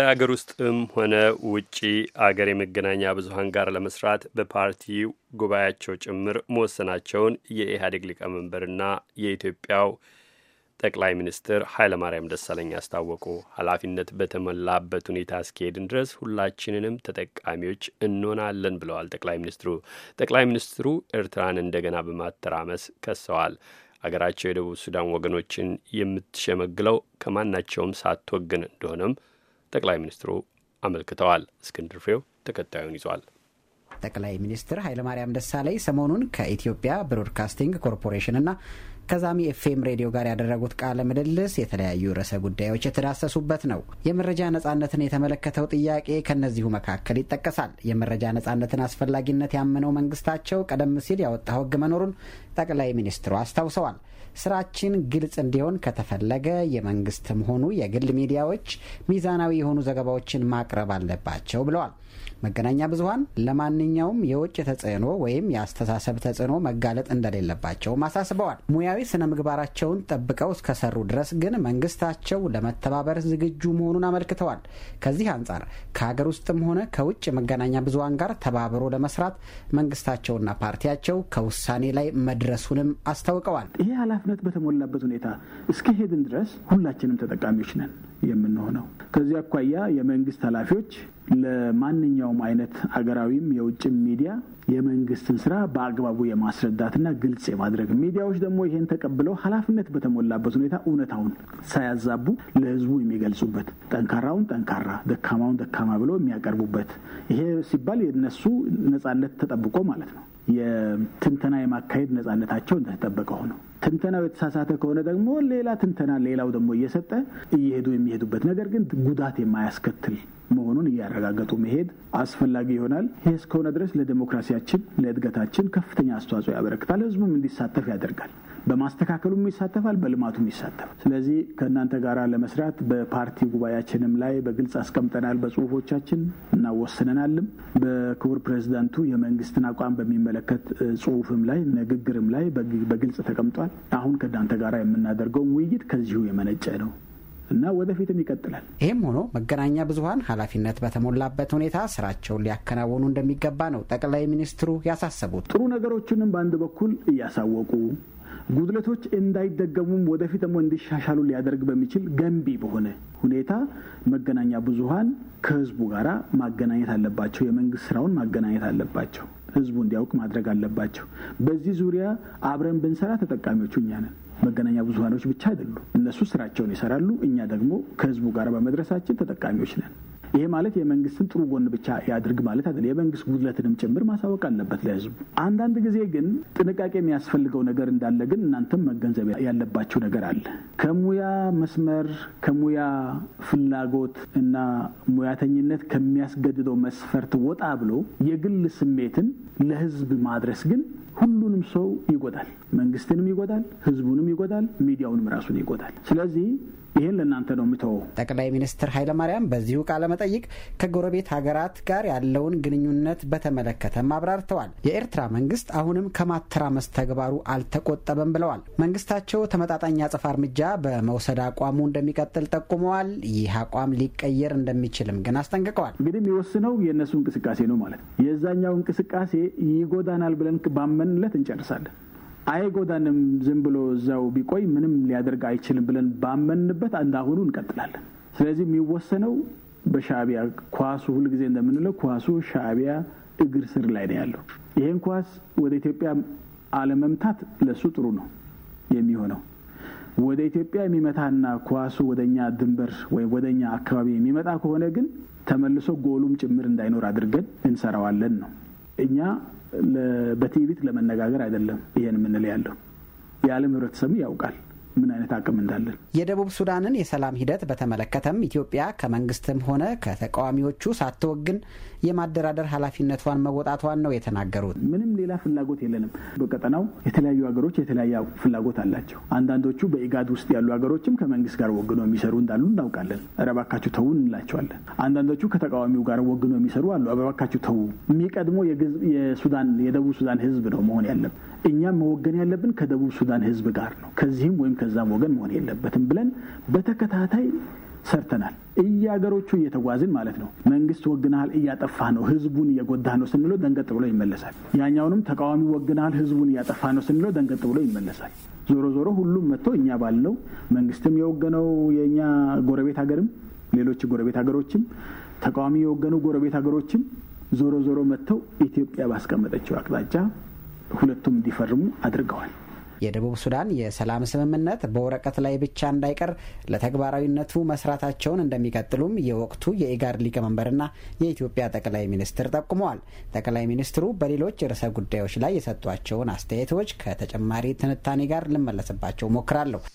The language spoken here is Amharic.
ከሀገር ውስጥም ሆነ ውጪ አገር የመገናኛ ብዙኃን ጋር ለመስራት በፓርቲ ጉባኤያቸው ጭምር መወሰናቸውን የኢህአዴግ ሊቀመንበርና የኢትዮጵያው ጠቅላይ ሚኒስትር ኃይለማርያም ደሳለኝ አስታወቁ። ኃላፊነት በተሞላበት ሁኔታ እስኪሄድን ድረስ ሁላችንንም ተጠቃሚዎች እንሆናለን ብለዋል ጠቅላይ ሚኒስትሩ። ጠቅላይ ሚኒስትሩ ኤርትራን እንደገና በማተራመስ ከሰዋል። አገራቸው የደቡብ ሱዳን ወገኖችን የምትሸመግለው ከማናቸውም ሳትወግን እንደሆነም ጠቅላይ ሚኒስትሩ አመልክተዋል። እስክንድር ፍሬው ተከታዩን ይዟል። ጠቅላይ ሚኒስትር ኃይለማርያም ደሳለኝ ሰሞኑን ከኢትዮጵያ ብሮድካስቲንግ ኮርፖሬሽንና ከዛሚ ኤፍኤም ሬዲዮ ጋር ያደረጉት ቃለ ምልልስ የተለያዩ ርዕሰ ጉዳዮች የተዳሰሱበት ነው። የመረጃ ነጻነትን የተመለከተው ጥያቄ ከእነዚሁ መካከል ይጠቀሳል። የመረጃ ነጻነትን አስፈላጊነት ያመነው መንግስታቸው ቀደም ሲል ያወጣው ህግ መኖሩን ጠቅላይ ሚኒስትሩ አስታውሰዋል። ስራችን ግልጽ እንዲሆን ከተፈለገ የመንግስትም ሆኑ የግል ሚዲያዎች ሚዛናዊ የሆኑ ዘገባዎችን ማቅረብ አለባቸው ብለዋል። መገናኛ ብዙሀን ለማንኛውም የውጭ ተጽዕኖ ወይም የአስተሳሰብ ተጽዕኖ መጋለጥ እንደሌለባቸውም አሳስበዋል። ሙያዊ ሙያዊ ስነ ምግባራቸውን ጠብቀው እስከሰሩ ድረስ ግን መንግስታቸው ለመተባበር ዝግጁ መሆኑን አመልክተዋል። ከዚህ አንጻር ከሀገር ውስጥም ሆነ ከውጭ መገናኛ ብዙሀን ጋር ተባብሮ ለመስራት መንግስታቸውና ፓርቲያቸው ከውሳኔ ላይ መድረሱንም አስታውቀዋል። ይህ ኃላፊነት በተሞላበት ሁኔታ እስከሄድን ድረስ ሁላችንም ተጠቃሚዎች ነን የምንሆነው። ከዚህ አኳያ የመንግስት ኃላፊዎች ለማንኛውም አይነት አገራዊም የውጭም ሚዲያ የመንግስትን ስራ በአግባቡ የማስረዳትና ግልጽ የማድረግ ሚዲያዎች ደግሞ ይሄን ተቀብለው ኃላፊነት በተሞላበት ሁኔታ እውነታውን ሳያዛቡ ለህዝቡ የሚገልጹበት ጠንካራውን ጠንካራ፣ ደካማውን ደካማ ብለው የሚያቀርቡበት ይሄ ሲባል የነሱ ነጻነት ተጠብቆ ማለት ነው። የትንተና የማካሄድ ነጻነታቸው እንደተጠበቀ ነው። ትንተናው የተሳሳተ ከሆነ ደግሞ ሌላ ትንተና ሌላው ደግሞ እየሰጠ እየሄዱ የሚሄዱበት ነገር ግን ጉዳት የማያስከትል መሆኑን እያረጋገጡ መሄድ አስፈላጊ ይሆናል። ይህ እስከሆነ ድረስ ለዴሞክራሲያችን፣ ለእድገታችን ከፍተኛ አስተዋጽኦ ያበረክታል። ህዝቡም እንዲሳተፍ ያደርጋል። በማስተካከሉም ይሳተፋል፣ በልማቱም ይሳተፋል። ስለዚህ ከእናንተ ጋር ለመስራት በፓርቲ ጉባኤያችንም ላይ በግልጽ አስቀምጠናል፣ በጽሁፎቻችን እናወስነናልም። በክቡር ፕሬዚዳንቱ የመንግስትን አቋም በሚመለከት ጽሁፍም ላይ ንግግርም ላይ በግልጽ ተቀምጧል። አሁን ከእናንተ ጋር የምናደርገውን ውይይት ከዚሁ የመነጨ ነው እና ወደፊትም ይቀጥላል። ይህም ሆኖ መገናኛ ብዙሀን ኃላፊነት በተሞላበት ሁኔታ ስራቸውን ሊያከናውኑ እንደሚገባ ነው ጠቅላይ ሚኒስትሩ ያሳሰቡት። ጥሩ ነገሮችንም በአንድ በኩል እያሳወቁ ጉድለቶች እንዳይደገሙም ወደፊት ደግሞ እንዲሻሻሉ ሊያደርግ በሚችል ገንቢ በሆነ ሁኔታ መገናኛ ብዙሀን ከህዝቡ ጋር ማገናኘት አለባቸው። የመንግስት ስራውን ማገናኘት አለባቸው። ህዝቡ እንዲያውቅ ማድረግ አለባቸው። በዚህ ዙሪያ አብረን ብንሰራ ተጠቃሚዎቹ እኛ ነን። መገናኛ ብዙሀኖች ብቻ አይደሉም። እነሱ ስራቸውን ይሰራሉ፣ እኛ ደግሞ ከህዝቡ ጋር በመድረሳችን ተጠቃሚዎች ነን። ይሄ ማለት የመንግስትን ጥሩ ጎን ብቻ ያድርግ ማለት አይደለም። የመንግስት ጉድለትንም ጭምር ማሳወቅ አለበት ለህዝቡ። አንዳንድ ጊዜ ግን ጥንቃቄ የሚያስፈልገው ነገር እንዳለ ግን እናንተም መገንዘብ ያለባችሁ ነገር አለ። ከሙያ መስመር ከሙያ ፍላጎት እና ሙያተኝነት ከሚያስገድደው መስፈርት ወጣ ብሎ የግል ስሜትን ለህዝብ ማድረስ ግን ሁሉንም ሰው ይጎዳል። መንግስትንም ይጎዳል፣ ህዝቡንም ይጎዳል፣ ሚዲያውንም ራሱን ይጎዳል። ስለዚህ ይህን ለእናንተ ነው የምተወው። ጠቅላይ ሚኒስትር ኃይለማርያም በዚሁ ቃለ መጠይቅ ከጎረቤት ሀገራት ጋር ያለውን ግንኙነት በተመለከተም አብራርተዋል። የኤርትራ መንግስት አሁንም ከማተራመስ ተግባሩ አልተቆጠበም ብለዋል። መንግስታቸው ተመጣጣኝ አጸፋ እርምጃ በመውሰድ አቋሙ እንደሚቀጥል ጠቁመዋል። ይህ አቋም ሊቀየር እንደሚችልም ግን አስጠንቅቀዋል። እንግዲህ የሚወስነው የእነሱ እንቅስቃሴ ነው ማለት ነው። የዛኛው እንቅስቃሴ ይጎዳናል ብለን ባመንለት እንጨርሳለን። አይጎዳንም፣ ዝም ብሎ እዛው ቢቆይ ምንም ሊያደርግ አይችልም ብለን ባመንበት እንዳሁኑ እንቀጥላለን። ስለዚህ የሚወሰነው በሻዕቢያ ኳሱ፣ ሁልጊዜ እንደምንለው ኳሱ ሻዕቢያ እግር ስር ላይ ነው ያለው። ይህን ኳስ ወደ ኢትዮጵያ አለመምታት ለሱ ጥሩ ነው የሚሆነው። ወደ ኢትዮጵያ የሚመታና ኳሱ ወደኛ ድንበር ወይም ወደኛ አካባቢ የሚመጣ ከሆነ ግን ተመልሶ ጎሉም ጭምር እንዳይኖር አድርገን እንሰራዋለን ነው እኛ በትዕቢት ለመነጋገር አይደለም ይሄን የምንል ያለው የዓለም ህብረተሰቡ ያውቃል ምን አይነት አቅም እንዳለን። የደቡብ ሱዳንን የሰላም ሂደት በተመለከተም ኢትዮጵያ ከመንግስትም ሆነ ከተቃዋሚዎቹ ሳትወግን የማደራደር ኃላፊነቷን መወጣቷን ነው የተናገሩት። ምንም ሌላ ፍላጎት የለንም። በቀጠናው የተለያዩ ሀገሮች የተለያየ ፍላጎት አላቸው። አንዳንዶቹ በኢጋድ ውስጥ ያሉ ሀገሮችም ከመንግስት ጋር ወግኖ የሚሰሩ እንዳሉ እናውቃለን። ረባካችሁ ተዉ እንላቸዋለን። አንዳንዶቹ ከተቃዋሚው ጋር ወግኖ የሚሰሩ አሉ። ረባካችሁ ተዉ። የሚቀድሞ የሱዳን የደቡብ ሱዳን ህዝብ ነው መሆን ያለብን። እኛም መወገን ያለብን ከደቡብ ሱዳን ህዝብ ጋር ነው ከዚህም ወይም ከዛም ወገን መሆን የለበትም ብለን በተከታታይ ሰርተናል። እያገሮቹ እየተጓዝን ማለት ነው። መንግስት ወግናል፣ እያጠፋ ነው፣ ህዝቡን እየጎዳ ነው ስንለ ደንገጥ ብሎ ይመለሳል። ያኛውንም ተቃዋሚ ወግናል፣ ህዝቡን እያጠፋ ነው ስንለው ደንገጥ ብሎ ይመለሳል። ዞሮ ዞሮ ሁሉም መጥቶ እኛ ባልነው መንግስትም የወገነው የእኛ ጎረቤት ሀገርም ሌሎች ጎረቤት ሀገሮችም ተቃዋሚ የወገኑ ጎረቤት ሀገሮችም ዞሮ ዞሮ መጥተው ኢትዮጵያ ባስቀመጠችው አቅጣጫ ሁለቱም እንዲፈርሙ አድርገዋል። የደቡብ ሱዳን የሰላም ስምምነት በወረቀት ላይ ብቻ እንዳይቀር ለተግባራዊነቱ መስራታቸውን እንደሚቀጥሉም የወቅቱ የኢጋድ ሊቀመንበርና የኢትዮጵያ ጠቅላይ ሚኒስትር ጠቁመዋል። ጠቅላይ ሚኒስትሩ በሌሎች ርዕሰ ጉዳዮች ላይ የሰጧቸውን አስተያየቶች ከተጨማሪ ትንታኔ ጋር ልመለስባቸው ሞክራለሁ።